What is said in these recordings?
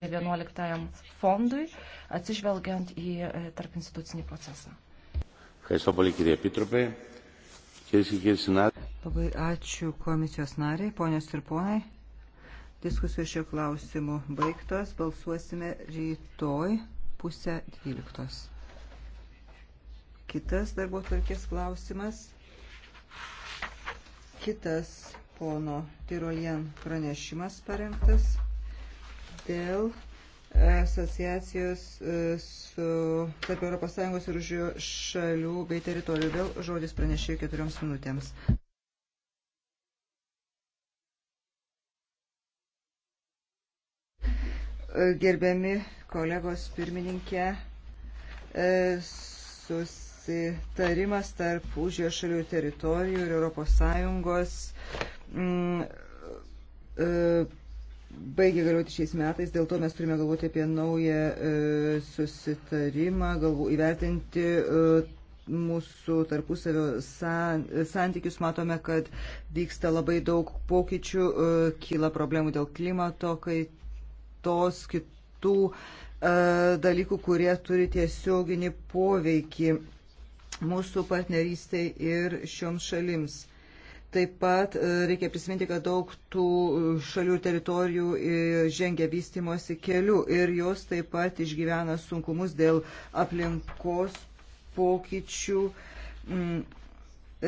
11 fondui, atsižvelgiant į e, tarp institucinį procesą. Labai ačiū komisijos nariai, ponios ir ponai. Diskusijos šio klausimu baigtos. Balsuosime rytoj pusę dvyliktos. Kitas darbo tvarkės klausimas. Kitas pono Tirojen pranešimas parengtas dėl e, asociacijos e, su tarp ES ir už jų šalių bei teritorijų. Vėl žodis pranešėjo keturioms minutėms. E, gerbiami kolegos pirmininkė, susitarimas tarp už jo šalių teritorijų ir ES baigia galioti šiais metais, dėl to mes turime galvoti apie naują e, susitarimą, galvų įvertinti e, mūsų tarpusavio san, santykius. Matome, kad vyksta labai daug pokyčių, e, kyla problemų dėl klimato kaitos, kitų e, dalykų, kurie turi tiesioginį poveikį mūsų partnerystėj ir šioms šalims. Taip pat e, reikia prisiminti, kad daug tų e, šalių ir teritorijų e, žengia vystimosi keliu ir jos taip pat išgyvena sunkumus dėl aplinkos pokyčių. Mm,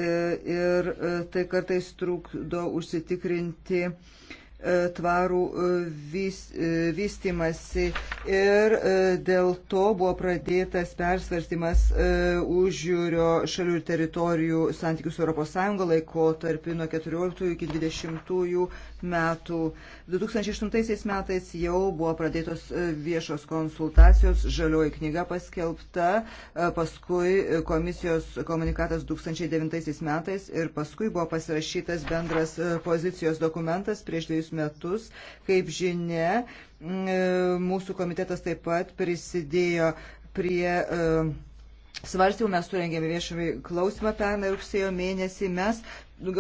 ir tai kartais trukdo užsitikrinti E, tvarų e, e, vystimasi ir dėl to buvo pradėtas persvarstymas užjūrio šalių ir teritorijų santykių su ES laiko tarp nuo 14 iki 20 metų. 2008 metais jau buvo pradėtos viešos konsultacijos, žalioji knyga paskelbta, paskui komisijos komunikatas 2009 metais ir paskui buvo pasirašytas bendras pozicijos dokumentas prieš dviejus metus. Kaip žinia, e, mūsų komitetas taip pat prisidėjo prie e, svarstymų. Mes surengėme viešąjį klausimą pernai rugsėjo mėnesį. Mes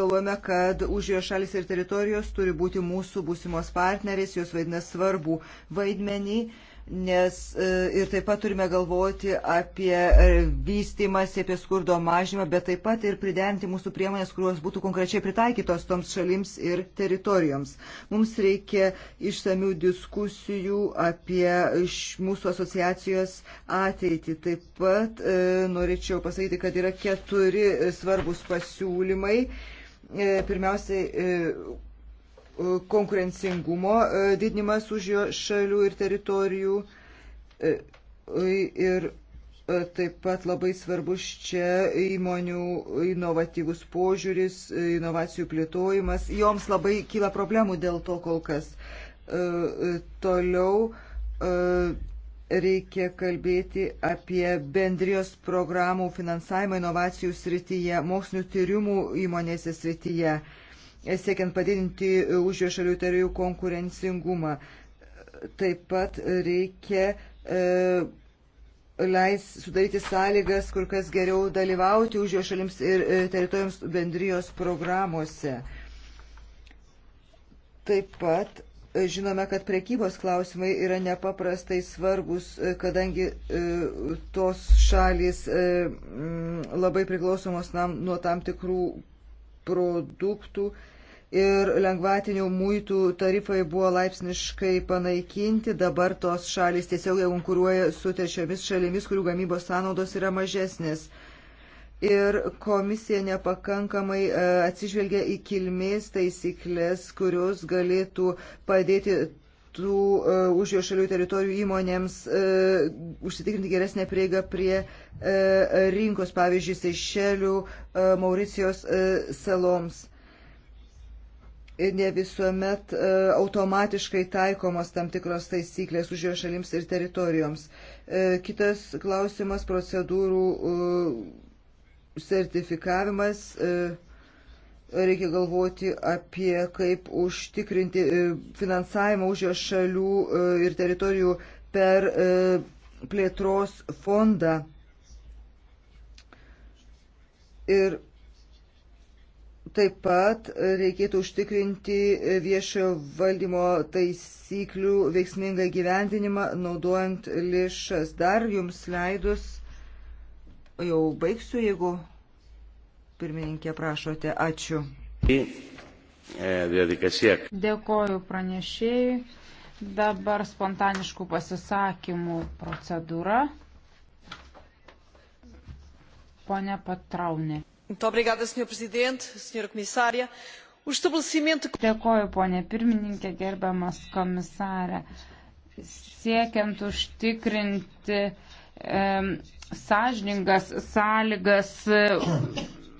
galvojame, kad už jo šalis ir teritorijos turi būti mūsų būsimos partnerės, jos vaidina svarbų vaidmenį nes e, ir taip pat turime galvoti apie e, vystimąsi, apie skurdo mažymą, bet taip pat ir pridengti mūsų priemonės, kurios būtų konkrečiai pritaikytos toms šalims ir teritorijoms. Mums reikia išsamių diskusijų apie mūsų asociacijos ateitį. Taip pat e, norėčiau pasakyti, kad yra keturi svarbus pasiūlymai. E, pirmiausiai, e, konkurencingumo e, didinimas už jo šalių ir teritorijų. E, ir e, taip pat labai svarbus čia įmonių inovatyvus požiūris, inovacijų plėtojimas. Joms labai kyla problemų dėl to kol kas. Toliau reikia kalbėti apie bendrijos programų finansavimą inovacijų srityje, mokslinių tyrimų įmonėse srityje siekiant padidinti užsienio šalių tarėjų konkurencingumą. Taip pat reikia e, leis sudaryti sąlygas kur kas geriau dalyvauti užsienio šalims ir e, teritorijoms bendrijos programuose. Taip pat e, žinome, kad prekybos klausimai yra nepaprastai svarbus, kadangi tos šalis labai priklausomos nuo tam tikrų produktų ir lengvatinių muitų tarifai buvo laipsniškai panaikinti, dabar tos šalis tiesiog konkuruoja su trečiomis šalimis, kurių gamybos sąnaudos yra mažesnės. Ir komisija nepakankamai e, atsižvelgia į kilmės taisyklės, kurios galėtų padėti tų uh, už jo šalių teritorijų įmonėms uh, užsitikrinti geresnę prieigą prie uh, rinkos, pavyzdžiui, Seišelių, uh, Mauricijos uh, saloms. Ir ne visuomet uh, automatiškai taikomos tam tikros taisyklės už jo šalims ir teritorijoms. Uh, kitas klausimas - procedūrų uh, sertifikavimas. Uh, reikia galvoti apie kaip užtikrinti e, finansavimą už jos šalių e, ir teritorijų per e, plėtros fondą. Ir taip pat reikėtų užtikrinti viešojo valdymo taisyklių veiksmingą gyvendinimą, naudojant lėšas. Dar jums leidus, jau baigsiu, jeigu pirmininkė, prašote. Ačiū. E, Dėkoju pranešėjai. Dabar spontaniškų pasisakymų procedūra. Pone Patraunė. Dėkoju, ponė pirmininkė, gerbiamas komisarė. Siekiant užtikrinti e, sąžiningas sąlygas. E,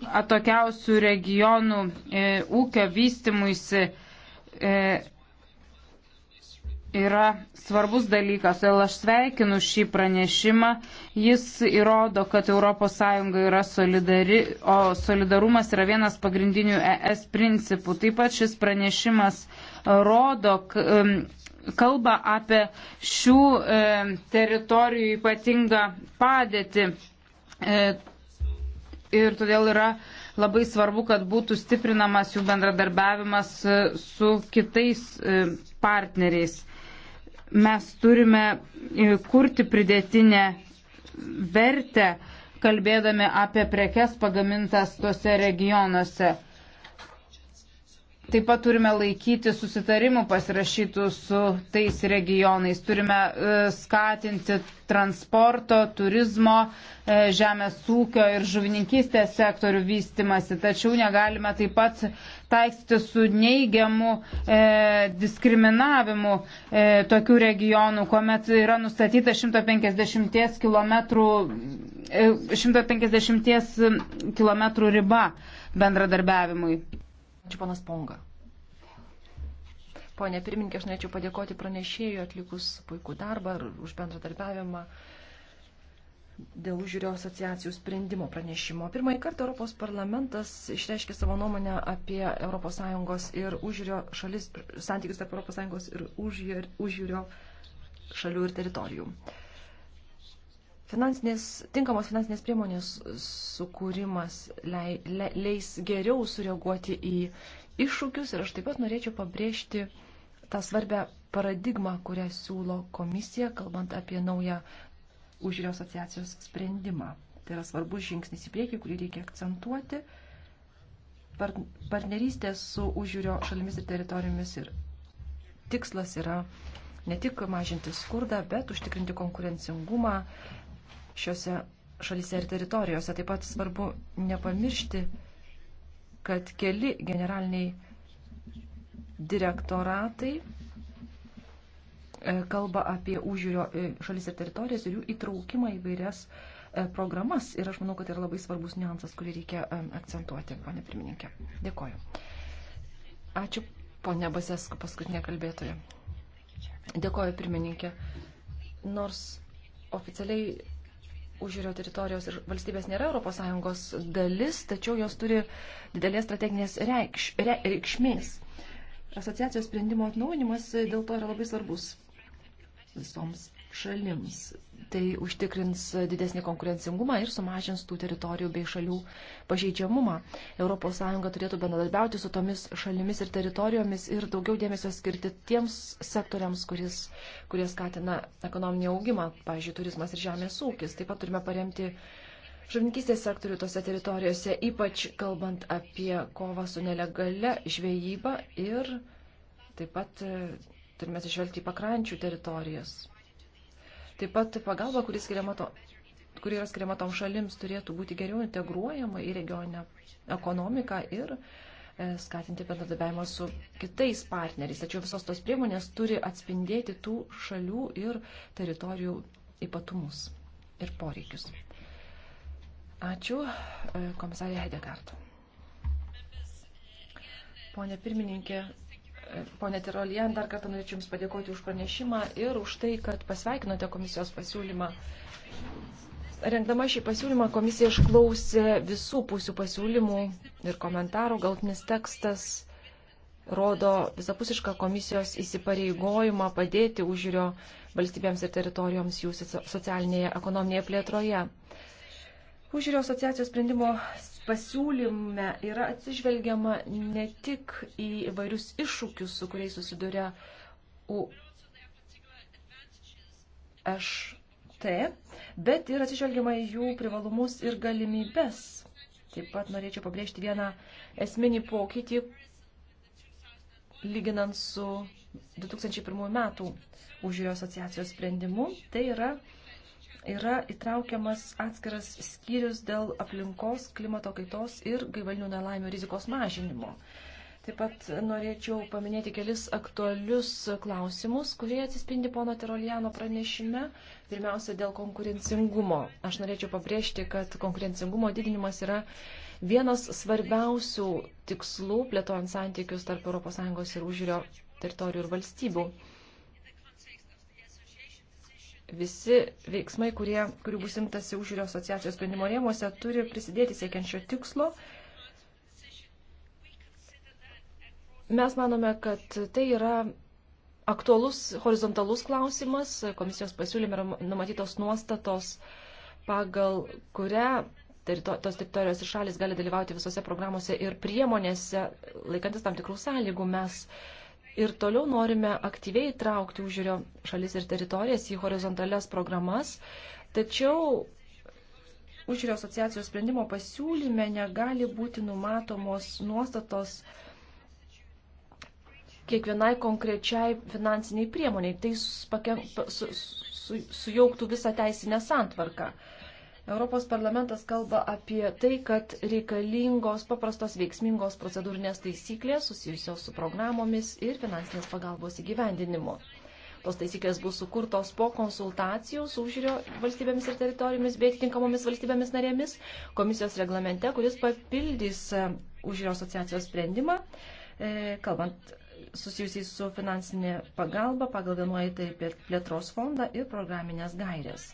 atokiausių regionų e, ūkio vystimuisi e, yra svarbus dalykas. Todėl aš sveikinu šį pranešimą. Jis įrodo, kad ES yra solidari, o solidarumas yra vienas pagrindinių ES principų. Taip pat šis pranešimas rodo, kalba apie šių teritorijų ypatingą padėtį e, ir todėl yra labai svarbu, kad būtų stiprinamas jų bendradarbiavimas e, su kitais e, partneriais. Mes turime e, kurti pridėtinę vertę, kalbėdami apie prekes pagamintas tose regionuose. Taip pat turime laikyti susitarimų pasirašytų su tais regionais. Turime e, skatinti transporto, turizmo, e, žemės ūkio ir žuvininkystės sektorių vystimasi. Tačiau negalime taip pat taikstyti su neigiamu e, diskriminavimu e, tokių regionų, kuomet yra nustatyta 150 km, e, 150 km riba bendradarbiavimui. Čia ponas Ponga. Pone pirmininkė, aš norėčiau padėkoti pranešėjui atlikus puikų darbą ir už bendradarbiavimą dėl žiūrio asociacijų sprendimo pranešimo. Pirmąjį kartą Europos parlamentas išreiškė savo nuomonę apie ES ir užžiūrio šalis, santykius tarp ES ir užžiūrio šalių ir teritorijų. Uh, Finansinės, tinkamos finansinės priemonės sukūrimas lei, le, leis geriau sureaguoti į iššūkius ir aš taip pat norėčiau pabrėžti tą svarbę paradigmą, kurią siūlo komisija, kalbant apie naują užžiūrio asociacijos sprendimą. Tai yra svarbus žingsnis į priekį, kurį reikia akcentuoti. Par, partnerystė su užžiūrio šalimis ir teritorijomis ir tikslas yra ne tik mažinti skurdą, bet užtikrinti konkurencingumą, šiuose šalyse ir teritorijose. Taip pat svarbu nepamiršti, kad keli generaliniai direktoratai e, kalba apie užjūrio e, šalis ir teritorijas ir jų įtraukimą į vairias e, programas. Ir aš manau, kad tai yra labai svarbus niuansas, kurį reikia akcentuoti, ponė pirmininkė. Dėkoju. Ačiū, ponė Basesko, paskutinė kalbėtoja. Dėkoju, pirmininkė. Nors oficialiai užžiūrio teritorijos ir valstybės nėra ES dalis, tačiau jos turi didelės strateginės reikš, re, reikšmės. Asociacijos sprendimo atnaujinimas dėl to yra labai svarbus visoms šalims. Tai užtikrins didesnį konkurencingumą ir sumažins tų teritorijų bei šalių pažeidžiamumą. ES turėtų bendradarbiauti su tomis šalimis ir teritorijomis ir daugiau dėmesio skirti tiems sektoriams, kuris, kurie skatina ekonominį augimą, pavyzdžiui, turizmas ir žemės ūkis. Taip pat turime paremti žuvininkystės sektorių tose teritorijose, ypač kalbant apie kovą su nelegale žvejyba ir taip pat turime atsižvelgti į pakrančių teritorijas. Taip pat pagalba, kuri, to, kuri yra skiriama tom šalims, turėtų būti geriau integruojama į regioninę ekonomiką ir e, skatinti bendradarbiavimą su kitais partneriais. Tačiau visos tos priemonės turi atspindėti tų šalių ir teritorijų ypatumus ir poreikius. Ačiū, e, komisarė Hedegard. Pone pirmininkė, Pone Tirolien, dar kartą norėčiau Jums padėkoti už pranešimą ir už tai, kad pasveikinote komisijos pasiūlymą. Rengdama šį pasiūlymą komisija išklausė visų pusių pasiūlymų ir komentarų. Galtinis tekstas rodo visapusišką komisijos įsipareigojimą padėti užžiūrio valstybėms ir teritorijoms jų socialinėje ekonominėje plėtroje. Užsienio asociacijos sprendimo pasiūlyme yra atsižvelgiama ne tik į įvairius iššūkius, su kuriais susiduria UHT, bet ir atsižvelgiama į jų privalumus ir galimybes. Taip pat norėčiau pabrėžti vieną esminį pokytį, lyginant su 2001 metų užsienio asociacijos sprendimu. Tai yra yra įtraukiamas atskiras skyrius dėl aplinkos, klimato kaitos ir gaivalinių nelaimių rizikos mažinimo. Taip pat norėčiau paminėti kelis aktualius klausimus, kurie atsispindi pono Tiroliano pranešime. Pirmiausia, dėl konkurencingumo. Aš norėčiau pabrėžti, kad konkurencingumo didinimas yra vienas svarbiausių tikslų plėtojant santykius tarp ES ir užžiūrio teritorijų ir valstybių visi veiksmai, kurie, kurių bus imtasi užjūrio asociacijos sprendimo rėmuose, turi prisidėti siekiančio tikslo. Mes manome, kad tai yra aktualus, horizontalus klausimas. Komisijos pasiūlyme yra numatytos nuostatos, pagal kurią terito, tos teritorijos ir šalis gali dalyvauti visose programuose ir priemonėse, laikantis tam tikrų sąlygų. Mes uh, ir toliau norime aktyviai įtraukti užžiūrio šalis ir teritorijas į horizontales programas, tačiau užžiūrio asociacijos sprendimo pasiūlyme negali būti numatomos nuostatos kiekvienai konkrečiai finansiniai priemoniai. Tai paken, su, su, sujauktų visą teisinę santvarką. Uh, Europos parlamentas kalba apie tai, kad reikalingos paprastos veiksmingos procedūrinės taisyklės susijusios su programomis ir finansinės pagalbos įgyvendinimu. Tos taisyklės bus sukurtos po konsultacijų su užžiūrio valstybėmis ir teritorijomis bei atitinkamomis valstybėmis narėmis komisijos reglamente, kuris papildys e, užžiūrio asociacijos sprendimą, e, kalbant susijusiai su finansinė pagalba pagal 11 plėtros fondą ir programinės gairės.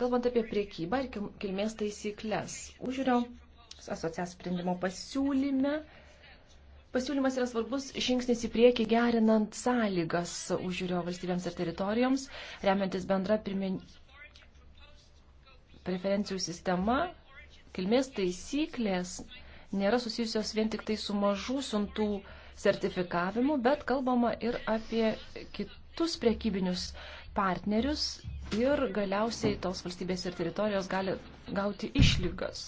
Kalbant apie priekybą ir kilmės taisyklės, užžiūrio asociacijos sprendimo pasiūlyme. Pasiūlymas yra svarbus žingsnis į priekį gerinant sąlygas užžiūrio valstybėms ir teritorijoms, remiantis bendra pirmin... preferencijų sistema, kilmės taisyklės nėra susijusios vien tik tai su mažų siuntų sertifikavimu, bet kalbama ir apie kitus priekybinius uh, partnerius ir galiausiai tos valstybės ir teritorijos gali gauti išlygas.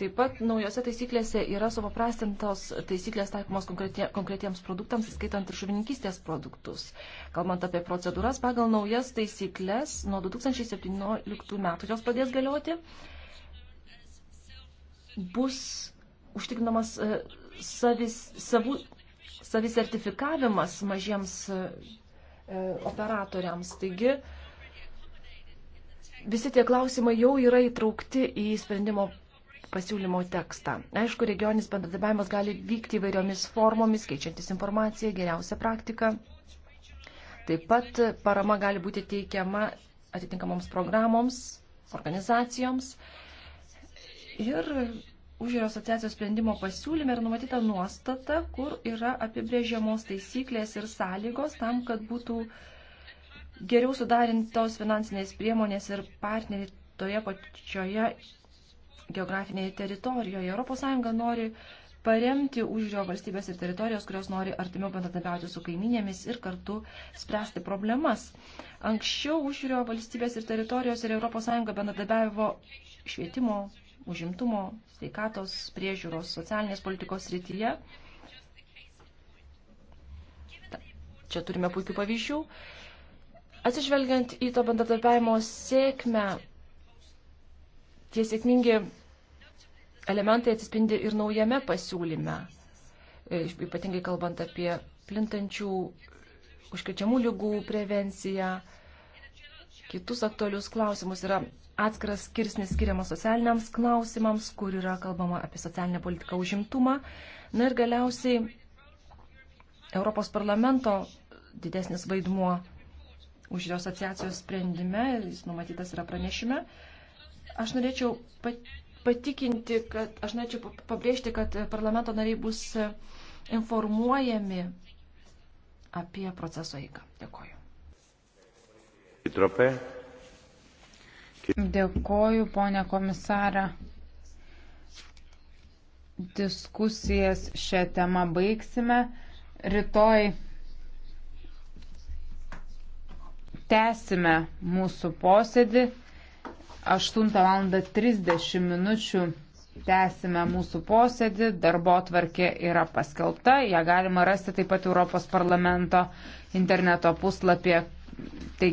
Taip pat naujose taisyklėse yra supaprastintos taisyklės taikomos konkretie, konkretiems produktams, skaitant ir žuvininkystės produktus. Kalbant apie procedūras, pagal naujas taisyklės nuo 2017 metų jos pradės galioti, bus užtikrinamas e, savis, savų, savisertifikavimas mažiems e, E, operatoriams. Taigi visi tie klausimai jau yra įtraukti į sprendimo pasiūlymo tekstą. Aišku, regioninis bendradarbiavimas gali vykti įvairiomis formomis, keičiantis informaciją, geriausią praktiką. Taip pat parama gali būti teikiama atitinkamoms programoms, organizacijoms. Ir už ir asociacijos sprendimo pasiūlyme yra numatyta nuostata, kur yra apibrėžiamos taisyklės ir sąlygos tam, kad būtų geriau sudarintos finansinės priemonės ir partneriai toje pačioje geografinėje teritorijoje. ES nori paremti užrio valstybės ir teritorijos, kurios nori artimiau bendradarbiauti su kaiminėmis ir kartu spręsti problemas. Anksčiau užrio valstybės ir teritorijos ir ES bendradarbiavo švietimo užimtumo, sveikatos, priežiūros, socialinės politikos srityje. Čia turime puikių pavyzdžių. Atsižvelgiant į to bendradarbiavimo sėkmę, tie sėkmingi elementai atsispindi ir naujame pasiūlyme, e, ypatingai kalbant apie plintančių užkrečiamų lygų prevenciją, kitus aktualius klausimus. Yra atskiras skirsnis skiriamas socialiniams klausimams, kur yra kalbama apie socialinę politiką užimtumą. Na ir galiausiai Europos parlamento didesnis vaidmuo už jo asociacijos sprendime, jis numatytas yra pranešime. Aš norėčiau patikinti, kad aš norėčiau pabrėžti, kad parlamento nariai bus informuojami apie proceso eigą. Dėkoju. Įtropė. Dėkoju, ponė komisarė. Diskusijas šią temą baigsime. Rytoj tęsime mūsų posėdį. 8.30 minučių tęsime mūsų posėdį. Darbo tvarkė yra paskelbta. Ja galima rasti taip pat Europos parlamento interneto puslapyje. Taigi,